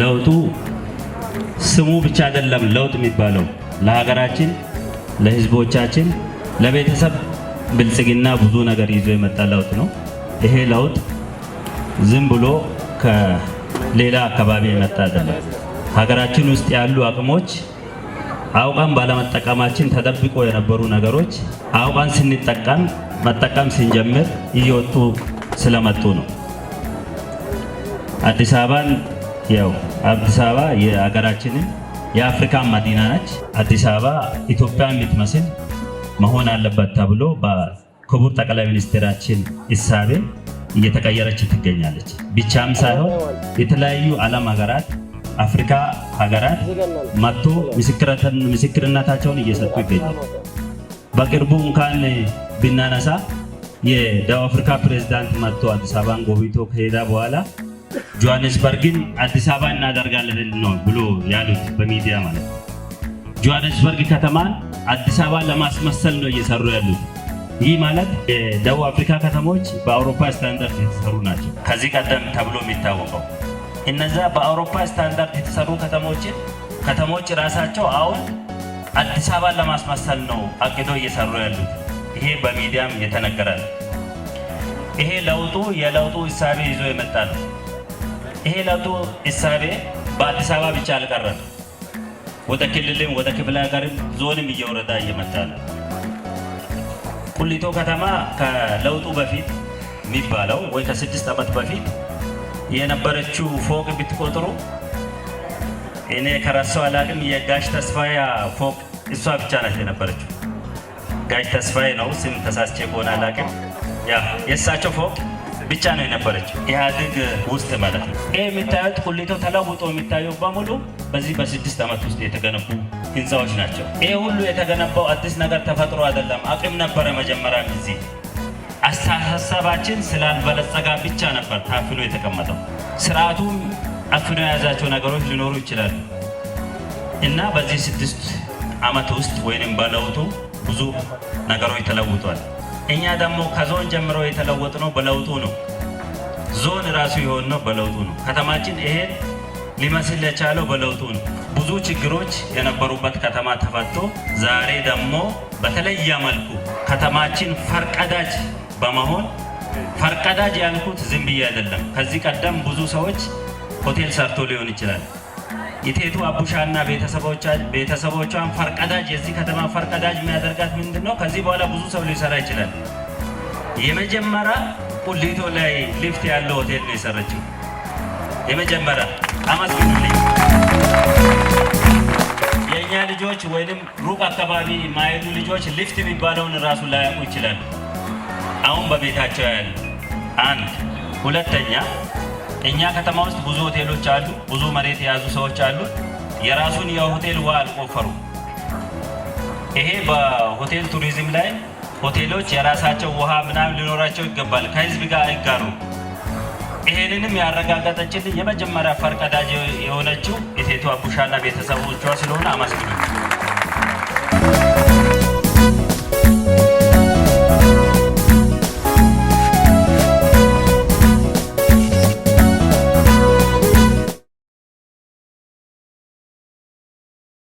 ለውጡ ስሙ ብቻ አይደለም ለውጥ የሚባለው ለሀገራችን፣ ለህዝቦቻችን፣ ለቤተሰብ ብልጽግና ብዙ ነገር ይዞ የመጣ ለውጥ ነው። ይሄ ለውጥ ዝም ብሎ ከሌላ አካባቢ የመጣ አይደለም። ሀገራችን ውስጥ ያሉ አቅሞች አውቃን ባለመጠቀማችን ተጠብቆ የነበሩ ነገሮች አውቃን ስንጠቀም መጠቀም ስንጀምር እየወጡ ስለመጡ ነው። አዲስ አበባን ያው አዲስ አበባ የሀገራችንን የአፍሪካ መዲና ነች። አዲስ አበባ ኢትዮጵያ የምትመስል መሆን አለበት ተብሎ በክቡር ጠቅላይ ሚኒስትራችን እሳቤ እየተቀየረች ትገኛለች። ብቻም ሳይሆን የተለያዩ ዓለም ሀገራት አፍሪካ ሀገራት መጥቶ ምስክርነታቸውን እየሰጡ ይገኛል። በቅርቡ እንኳን ብናነሳ የደቡብ አፍሪካ ፕሬዝዳንት መጥቶ አዲስ አበባን ጎብኝቶ ከሄዳ በኋላ ጆሃንስበርግን አዲስ አበባ እናደርጋለን ነው ብሎ ያሉት በሚዲያ ማለት ነው። ጆሃንስበርግ ከተማን አዲስ አበባ ለማስመሰል ነው እየሰሩ ያሉት። ይህ ማለት የደቡብ አፍሪካ ከተሞች በአውሮፓ ስታንዳርድ የተሰሩ ናቸው። ከዚህ ቀደም ተብሎ የሚታወቀው እነዛ በአውሮፓ ስታንዳርድ የተሰሩ ከተሞችን ከተሞች ራሳቸው አሁን አዲስ አበባ ለማስመሰል ነው አቅዶ እየሰሩ ያሉት። ይሄ በሚዲያም የተነገረ ነው። ይሄ ለውጡ የለውጡ እሳቤ ይዞ የመጣ ነው። ይሄ ላቱ እሳቤ በአዲስ አበባ ብቻ አልቀረም። ወደ ክልልም ወደ ክፍለ ሀገርም ዞንም እየወረዳ እየመጣ ነው። ቁሊቶ ከተማ ከለውጡ በፊት የሚባለው ወይ ከስድስት ዓመት በፊት የነበረችው ፎቅ ብትቆጥሩ እኔ ከራሱ አላቅም። የጋሽ ተስፋያ ፎቅ እሷ ብቻ ናት የነበረችው። ጋሽ ተስፋዬ ነው ስም ተሳስቼ ከሆነ አላቅም። ያ የእሳቸው ፎቅ ብቻ ነው የነበረችው ኢህአዴግ ውስጥ ማለት ነው። ይህ የምታዩት ሁሌተው ተለውጦ የሚታየው በሙሉ በዚህ በስድስት ዓመት ውስጥ የተገነቡ ህንፃዎች ናቸው። ይህ ሁሉ የተገነባው አዲስ ነገር ተፈጥሮ አይደለም። አቅም ነበረ መጀመሪያ ጊዜ አስተሳሰባችን ስላልበለጸጋ ብቻ ነበር ታፍኖ የተቀመጠው። ስርዓቱም አፍኖ የያዛቸው ነገሮች ሊኖሩ ይችላሉ እና በዚህ ስድስት ዓመት ውስጥ ወይንም በለውጡ ብዙ ነገሮች ተለውጧል። እኛ ደግሞ ከዞን ጀምሮ የተለወጥ ነው በለውጡ ነው። ዞን ራሱ የሆን ነው በለውጡ ነው። ከተማችን ይሄ ሊመስል የቻለው በለውጡ ነው። ብዙ ችግሮች የነበሩበት ከተማ ተፈቶ ዛሬ ደግሞ በተለየ መልኩ ከተማችን ፈርቀዳጅ በመሆን ፈርቀዳጅ ያልኩት ዝም ብዬ አይደለም። ከዚህ ቀደም ብዙ ሰዎች ሆቴል ሰርቶ ሊሆን ይችላል የቴቱ አቡሻና ቤተሰቦቿን ፈርቀዳጅ የዚህ ከተማ ፈርቀዳጅ የሚያደርጋት ምንድን ነው? ከዚህ በኋላ ብዙ ሰው ሊሰራ ይችላል። የመጀመሪያ ቁሊቶ ላይ ሊፍት ያለው ሆቴል ነው የሰረችው። የመጀመሪያ አመስግኑልኝ። የእኛ ልጆች ወይም ሩቅ አካባቢ ማይሉ ልጆች ሊፍት የሚባለውን ራሱ ላያውቁ ይችላል። አሁን በቤታቸው ያለ አንድ ሁለተኛ እኛ ከተማ ውስጥ ብዙ ሆቴሎች አሉ፣ ብዙ መሬት የያዙ ሰዎች አሉ። የራሱን የሆቴል ውሃ አልቆፈሩም። ይሄ በሆቴል ቱሪዝም ላይ ሆቴሎች የራሳቸው ውሃ ምናምን ሊኖራቸው ይገባል፣ ከህዝብ ጋር አይጋሩ። ይሄንንም ያረጋገጠችልን የመጀመሪያ ፈርቀዳጅ የሆነችው ኢቴቱ አቡሻና ቤተሰቦቿ ስለሆነ አመስግኑ።